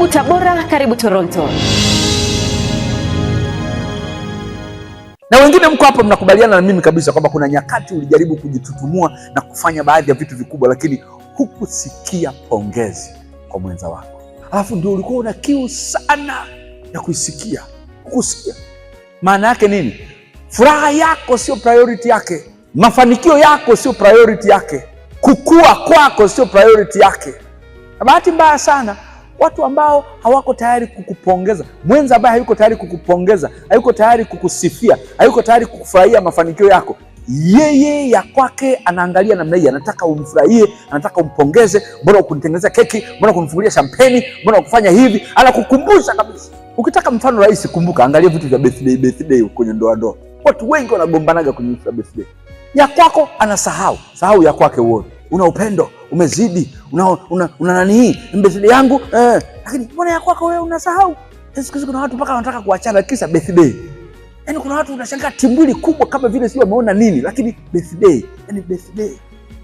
Karibu Tabora, karibu Toronto. Na wengine mko hapa mnakubaliana na mimi kabisa kwamba kuna nyakati ulijaribu kujitutumua na kufanya baadhi ya vitu vikubwa, lakini hukusikia pongezi kwa mwenza wako, alafu ndio ulikuwa una kiu sana ya kuisikia. Hukusikia. Maana yake nini? Furaha yako sio priority yake, mafanikio yako sio priority yake, kukua kwako sio priority yake, na bahati mbaya sana watu ambao hawako tayari kukupongeza, mwenza ambaye hayuko tayari kukupongeza, hayuko tayari kukusifia, hayuko tayari kukufurahia mafanikio yako. Yeye ya kwake anaangalia namna hii, anataka umfurahie, anataka umpongeze. Mbona ukunitengenezea keki? Mbona ukunifungulia champeni? Mbona kufanya hivi? Anakukumbusha kabisa. Ukitaka mfano rahisi, kumbuka, angalia vitu vya birthday, birthday kwenye ndoa ndoa, watu wengi wanagombanaga kwenye birthday. Ya kwako anasahau, sahau ya kwake uone una upendo umezidi, una, una, una nani hii mbethday yangu eh. Lakini mbona ya kwako wewe unasahau? Yaani siku hizi kuna watu mpaka wanataka kuachana kisa birthday. Yani kuna watu unashangaa timbwili kubwa kama vile sio wameona nini, lakini birthday, yaani birthday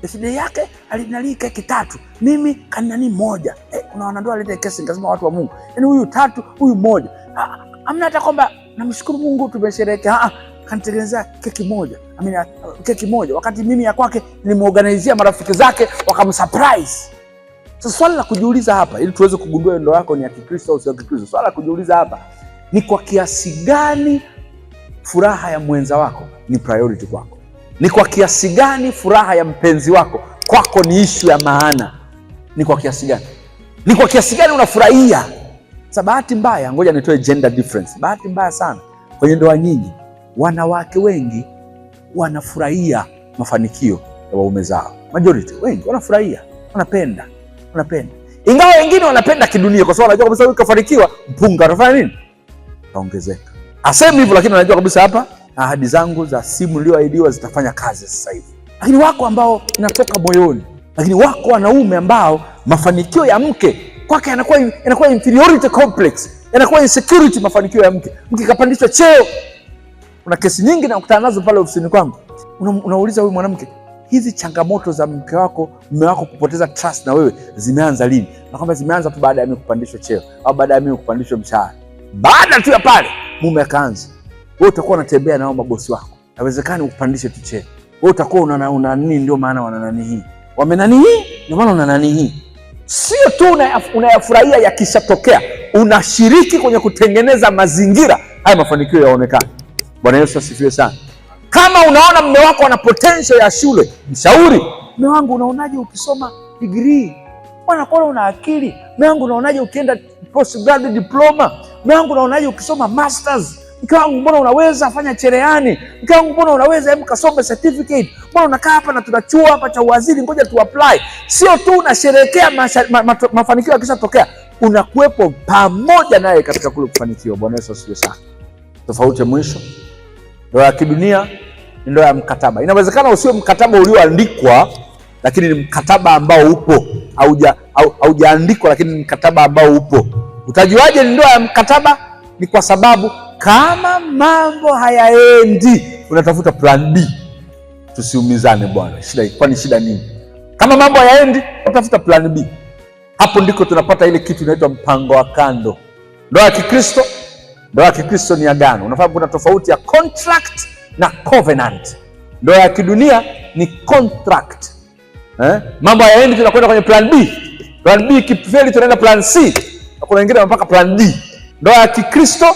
birthday yake alinalii keki tatu, mimi kanani moja. Eh, kuna wanandoa walete kesi, nikasema watu wa Mungu, yani huyu tatu huyu moja, ah, ah, amna hata kwamba namshukuru Mungu tumesherehekea, ah, kanitengenezea keki moja amina uh, keki moja, wakati mimi ya kwake nimeorganizia marafiki zake wakamsurprise. Sasa swala la kujiuliza hapa, ili tuweze kugundua ndoa yako ni ya Kikristo au sio ya Kikristo, swala la kujiuliza hapa ni kwa kiasi gani furaha ya mwenza wako ni priority kwako, ni kwa kiasi gani furaha ya mpenzi wako kwako ni ishu ya maana, ni kwa kiasi gani, ni kwa kiasi gani unafurahia. Sasa bahati mbaya, ngoja nitoe gender difference. Bahati mbaya sana kwenye ndoa nyingi, wanawake wengi wanafurahia mafanikio ya waume zao. Majority wengi wanafurahia, wanapenda, wanapenda, ingawa wengine wanapenda kidunia, kwa sababu anajua kabisa huyu kafanikiwa, mpunga atafanya nini? Ataongezeka. Asemi hivyo, lakini anajua kabisa hapa ahadi zangu za simu niliyoahidiwa zitafanya kazi sasa hivi. Lakini wako ambao inatoka moyoni, lakini wako wanaume ambao mafanikio ya mke kwake yanakuwa yanakuwa inferiority complex, yanakuwa insecurity. Mafanikio ya mke, mke kapandishwa cheo kuna kesi nyingi nakutana nazo pale ofisini kwangu. Unauliza huyu mwanamke, hizi changamoto za mke wako, mme wako kupoteza trust na wewe zimeanza lini? Na kwamba zimeanza tu baada ya mimi kupandishwa cheo au baada ya mimi kupandishwa mshahara. Baada tu ya pale mume akaanza. Wewe utakuwa unatembea nao mabosi wako. nawezekani ukupandishe tu cheo. Wewe utakuwa una una nini, ndio maana wana nani hii. wame nani hii, ndio maana una nani hii. Sio tu unayafurahia yakishatokea, unashiriki kwenye kutengeneza mazingira haya mafanikio yaonekane. Bwana Yesu asifiwe sana. Kama unaona mume wako ana potential ya shule, mshauri, mume wangu, unaonaje ukisoma degree? Bwana kona una akili. Mume wangu, unaonaje ukienda postgraduate diploma? Mume wangu, unaonaje ukisoma masters? Mke wangu, mbona unaweza fanya cherehani? Mke wangu, mbona unaweza hebu kasome certificate? Mbona unakaa hapa na tuna chuo hapa cha uwaziri, ngoja tu apply. Sio tu unasherehekea mafanikio yakishatokea, unakuwepo pamoja naye katika kule kufanikiwa. Bwana Yesu asifiwe sana. Tofauti ya mwisho Ndoa ya kidunia ni ndoa ya mkataba. Inawezekana usio mkataba ulioandikwa, lakini ni mkataba ambao upo, haujaandikwa lakini ni mkataba ambao upo. Utajuaje ni ndoa ya mkataba? Ni kwa sababu kama mambo hayaendi, unatafuta plan B. Tusiumizane bwana, shida kwani shida nini? Kama mambo hayaendi, unatafuta plan B. Hapo ndiko tunapata ile kitu inaitwa mpango wa kando. Ndoa ya Kikristo Ndoa ya Kikristo ni agano. Unafahamu kuna tofauti ya contract na covenant. Ndoa ya kidunia ni contract eh? Mambo hayaendi, tunakwenda kwenye plan B. Plan B kifeli, tunaenda plan C na kuna wengine mpaka plan D. Ndoa ya Kikristo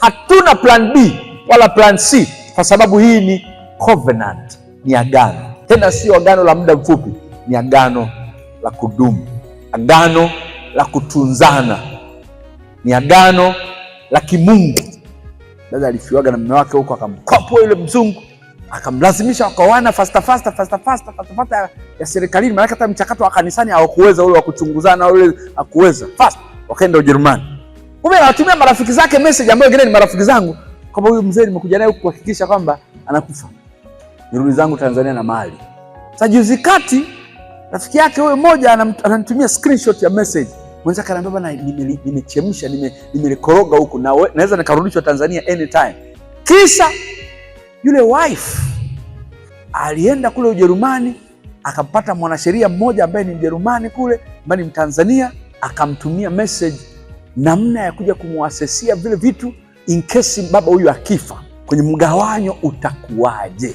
hatuna plan B wala plan C, kwa sababu hii ni covenant, ni agano. Tena sio agano la muda mfupi, ni agano la kudumu, agano la kutunzana, ni agano la kimungu. Dada alifiwaga na mume wake huko, akamkopa yule mzungu, akamlazimisha wakaoana fasta fasta fasta fasta fasta fasta ya serikalini, maana hata mchakato wa kanisani hawakuweza ule wa kuchunguzana ule hakuweza fast, wakaenda Ujerumani. Kumbe anatumia marafiki zake message, ambayo wengine ni marafiki zangu, kwamba huyu mzee nimekuja naye kuhakikisha kwamba anakufa, nirudi zangu Tanzania na mali. Sasa juzi kati rafiki yake huyo mmoja anamtumia screenshot ya message mwenza kanaambia bana, nimechemsha nime nimekoroga huku na naweza nikarudishwa Tanzania anytime. Kisha yule wife alienda kule Ujerumani akampata mwanasheria mmoja ambaye ni Mjerumani kule ambaye ni Mtanzania, akamtumia message namna ya kuja kumwasesia vile vitu in case baba huyu akifa kwenye mgawanyo utakuwaje.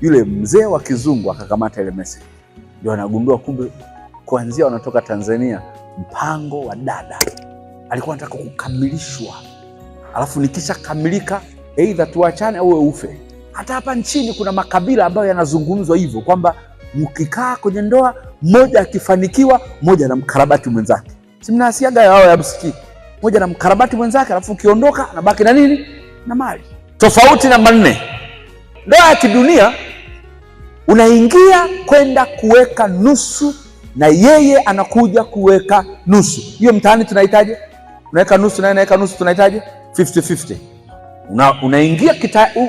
Yule mzee wa kizungu akakamata ile message, ndio anagundua kumbe kuanzia wanatoka Tanzania mpango wa dada alikuwa anataka kukamilishwa, alafu nikisha kamilika aidha tuachane au ufe. Hata hapa nchini kuna makabila ambayo yanazungumzwa hivyo kwamba mkikaa kwenye ndoa, mmoja akifanikiwa, mmoja na mkarabati mwenzake. Simnasiaga yao ya msikiti, mmoja na mkarabati mwenzake, alafu ukiondoka anabaki na nini? Na mali. Tofauti namba nne, ndoa ya kidunia unaingia kwenda kuweka nusu na yeye anakuja kuweka nusu. Hiyo mtaani tunahitaji unaweka nusu na naweka nusu, tunahitaji 50 50. Una,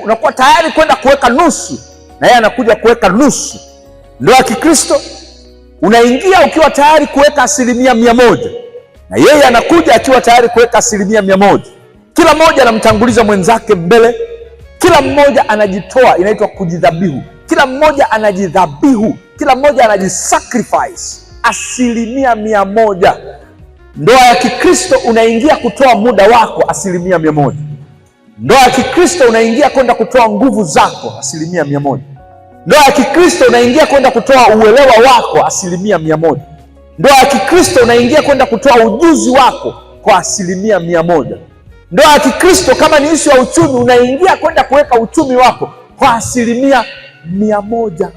unakuwa tayari kwenda kuweka nusu na yeye anakuja kuweka nusu. Ndoa ya Kikristo unaingia ukiwa tayari kuweka asilimia mia moja na yeye anakuja akiwa tayari kuweka asilimia mia moja. Kila mmoja anamtanguliza mwenzake mbele, kila mmoja anajitoa. Inaitwa kujidhabihu. Kila mmoja anajidhabihu, kila mmoja anajisacrifice asilimia mia moja. Ndoa ya Kikristo unaingia kutoa muda wako asilimia mia moja. Ndoa ya Kikristo unaingia kwenda kutoa nguvu zako asilimia mia moja. Ndoa ya Kikristo unaingia kwenda kutoa uelewa wako asilimia mia moja. Ndoa ya Kikristo unaingia kwenda kutoa ujuzi wako kwa asilimia mia moja. Ndoa ya Kikristo kama ni ishu ya uchumi, unaingia kwenda kuweka uchumi wako kwa asilimia mia moja.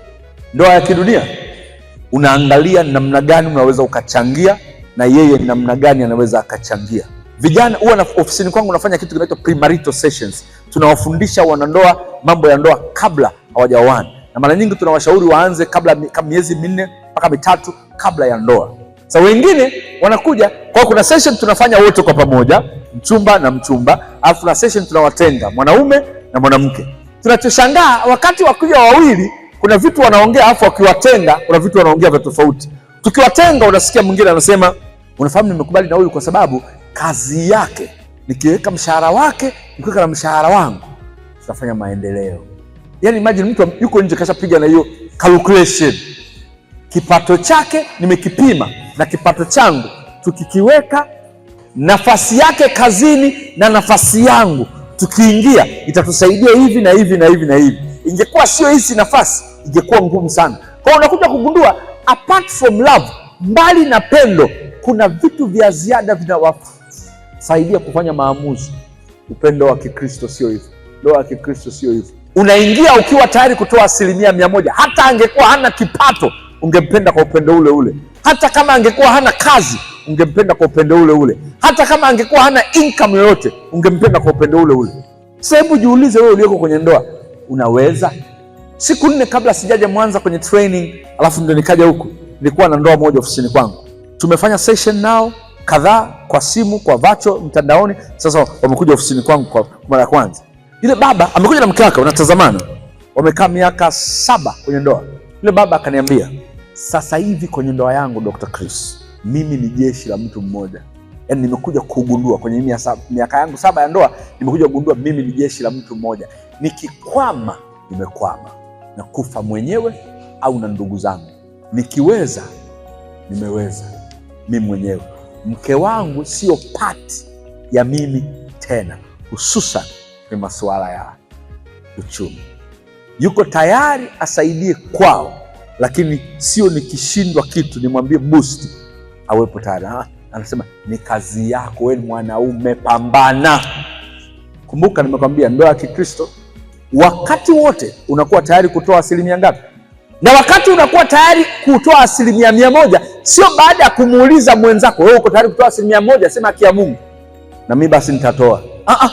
Ndoa ya kidunia unaangalia namna gani unaweza ukachangia na yeye namna gani anaweza akachangia. Vijana huwa ofisini kwangu unafanya kitu kinaitwa premarital sessions, tunawafundisha wanandoa mambo ya ndoa kabla hawajaoana, na mara nyingi tunawashauri waanze kabla kama miezi minne mpaka mitatu kabla ya ndoa. Sa wengine wanakuja kwa, kuna session tunafanya wote kwa pamoja, mchumba na mchumba, alafu na session tunawatenga mwanaume na mwanamke. Tunachoshangaa wakati wakiwa wawili, kuna vitu wanaongea, afu wakiwatenga, kuna vitu wanaongea vya tofauti. Tukiwatenga unasikia mwingine anasema, unafahamu, nimekubali na huyu kwa sababu kazi yake, nikiweka mshahara wake, nikiweka na mshahara wangu, tutafanya maendeleo. Yani imagine mtu yuko nje kashapiga na hiyo calculation, kipato chake nimekipima na kipato changu, tukikiweka nafasi yake kazini na nafasi yangu tukiingia itatusaidia hivi na hivi na hivi na hivi. Ingekuwa sio hizi nafasi, ingekuwa ngumu sana. Kwa unakuja kugundua apart from love, mbali na pendo, kuna vitu vya ziada vinawasaidia kufanya maamuzi. Upendo wa Kikristo sio hivyo, ndoa ya Kikristo sio hivyo. Unaingia ukiwa tayari kutoa asilimia mia moja. Hata angekuwa hana kipato, ungempenda kwa upendo ule ule. Hata kama angekuwa hana kazi ungempenda kwa upendo ule ule, hata kama angekuwa hana income yoyote, ungempenda kwa upendo ule ule. Sasa hebu jiulize wewe ulioko kwenye ndoa, unaweza? Siku nne kabla sijaja Mwanza kwenye training, alafu ndio nikaja huku, nilikuwa na ndoa moja ofisini kwangu, tumefanya session nao kadhaa kwa simu, kwa vacho, mtandaoni. Sasa wamekuja ofisini kwangu kwa mara ya kwanza. Yule baba amekuja na mke wake, wanatazamana, wamekaa miaka saba kwenye ndoa. Yule baba akaniambia, sasa hivi kwenye ndoa yangu Dr. Chris mimi ni jeshi la mtu mmoja. yani nimekuja kugundua kwenye miaka yangu saba ya ndoa, nimekuja kugundua mimi ni jeshi la mtu mmoja. Nikikwama nimekwama, nakufa mwenyewe au na ndugu zangu. Nikiweza nimeweza mimi mwenyewe. Mke wangu sio pati ya mimi tena, hususan kwenye masuala ya uchumi. Yuko tayari asaidie kwao, lakini sio nikishindwa kitu nimwambie busti awepo tayari. Ah, anasema ni kazi yako, wewe mwanaume, pambana. Kumbuka nimekwambia ndoa ya Kikristo wakati wote unakuwa tayari kutoa asilimia ngapi? Na wakati unakuwa tayari kutoa asilimia mia moja, sio baada ya kumuuliza mwenzako, wewe uko tayari kutoa asilimia moja, sema haki Mungu na mimi basi nitatoa. Ah, ah,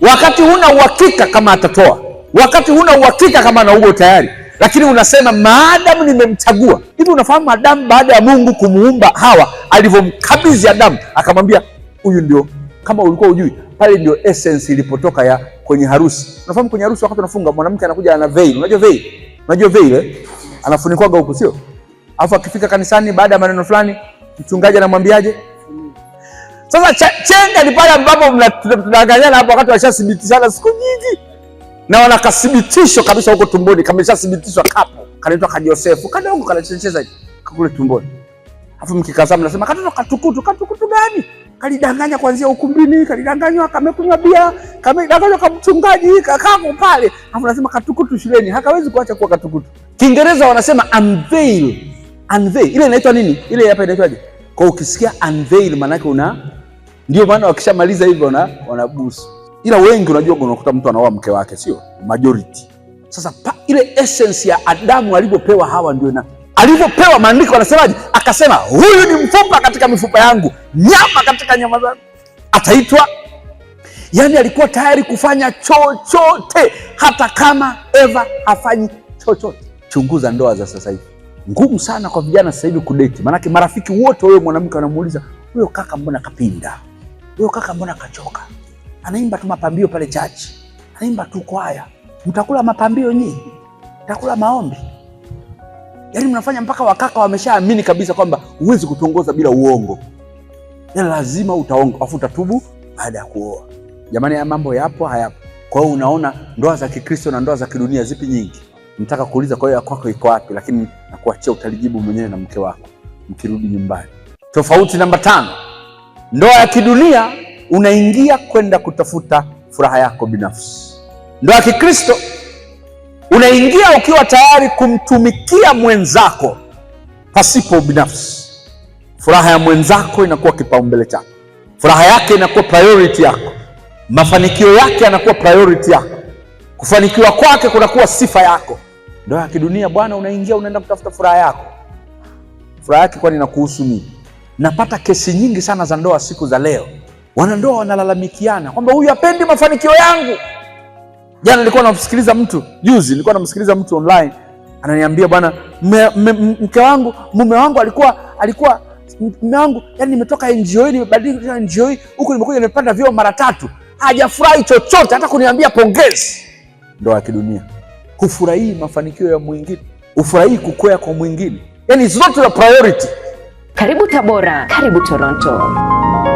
wakati huna uhakika kama atatoa, wakati huna uhakika kama na tayari lakini unasema maadamu nimemchagua hivi. Unafahamu Adamu baada ya Mungu kumuumba Hawa, alivyomkabidhi Adamu akamwambia huyu ndio, kama ulikuwa ujui, pale ndio essence ilipotoka ya kwenye harusi. Unafahamu kwenye harusi, wakati unafunga mwanamke anakuja ana veil, unajua veil, unajua veil eh, anafunikwaga huku, sio? Alafu akifika kanisani, baada ya maneno fulani, mchungaji anamwambiaje? Sasa chenga ni pale ambapo tunadanganyana hapo, wakati washathibitishana siku nyingi na wanakathibitisho kabisa huko tumboni, kameshathibitishwa kapo, kanaitwa ka Josefu kadogo, kanachecheza kule tumboni. Afu mkikazama nasema katoto katukutu. Katukutu gani? Kalidanganya kuanzia ukumbini, kalidanganywa, kamekunywa bia, kamedanganywa kwa mchungaji, kakako pale. Afu nasema katukutu shuleni, hakawezi kuacha kuwa katukutu. Kiingereza wanasema unveil. Unveil. Ile inaitwa nini? Ile hapa inaitwaje? Kwa ukisikia unveil maana una ndio maana wakishamaliza hivyo na wanabusu ila wengi unajua, unakuta mtu anaoa mke wake, sio majority. Sasa pa, ile essence ya Adamu alivyopewa Hawa ndio na alivyopewa maandiko anasemaje? Akasema huyu ni mfupa katika mifupa yangu, nyama katika nyama zangu, ataitwa yani. Alikuwa tayari kufanya chochote, hata kama Eva hafanyi chochote. Chunguza ndoa za sasa hivi, ngumu sana kwa vijana sasa hivi kudeti, maanake marafiki wote, wewe mwanamke anamuuliza huyo kaka, mbona kapinda? Huyo kaka, mbona kachoka? anaimba tu mapambio pale church, anaimba tu kwaya. Mtakula mapambio nyinyi, mtakula maombi, yaani mnafanya mpaka wakaka wameshaamini kabisa kwamba huwezi kutongoza bila uongo, yaani lazima utaongo afu utatubu baada ya kuoa. Jamani, haya mambo yapo hayapo? Kwa hiyo unaona ndoa za Kikristo na ndoa za kidunia zipi nyingi? Nataka kuuliza, kwa hiyo ya kwako iko wapi? Lakini nakuachia utalijibu mwenyewe na mke wako mkirudi nyumbani. Tofauti namba tano, ndoa ya kidunia unaingia kwenda kutafuta furaha yako binafsi. Ndoa ya Kikristo unaingia ukiwa tayari kumtumikia mwenzako pasipo ubinafsi. Furaha ya mwenzako inakuwa kipaumbele chako, furaha yake inakuwa priority yako, mafanikio yake yanakuwa priority yako, kufanikiwa kwake kunakuwa sifa yako. Ndoa ya kidunia bwana, unaingia unaenda kutafuta furaha yako. Furaha yake kwani inakuhusu nini? Napata kesi nyingi sana za ndoa siku za leo Wanandoa wanalalamikiana kwamba huyu apendi mafanikio yangu. Jana nilikuwa namsikiliza mtu, juzi nilikuwa namsikiliza mtu online, ananiambia bwana, mke wangu, mume wangu alikuwa alikuwa mume wangu, yani nimetoka NGO nimebadilika NGO huku, nimekuja nimepanda vyeo mara tatu, hajafurahi chochote hata kuniambia pongezi. Ndoa ya kidunia, hufurahii mafanikio ya mwingine, hufurahii kukwea kwa mwingine, yani it's not your priority. Karibu Tabora, karibu Toronto.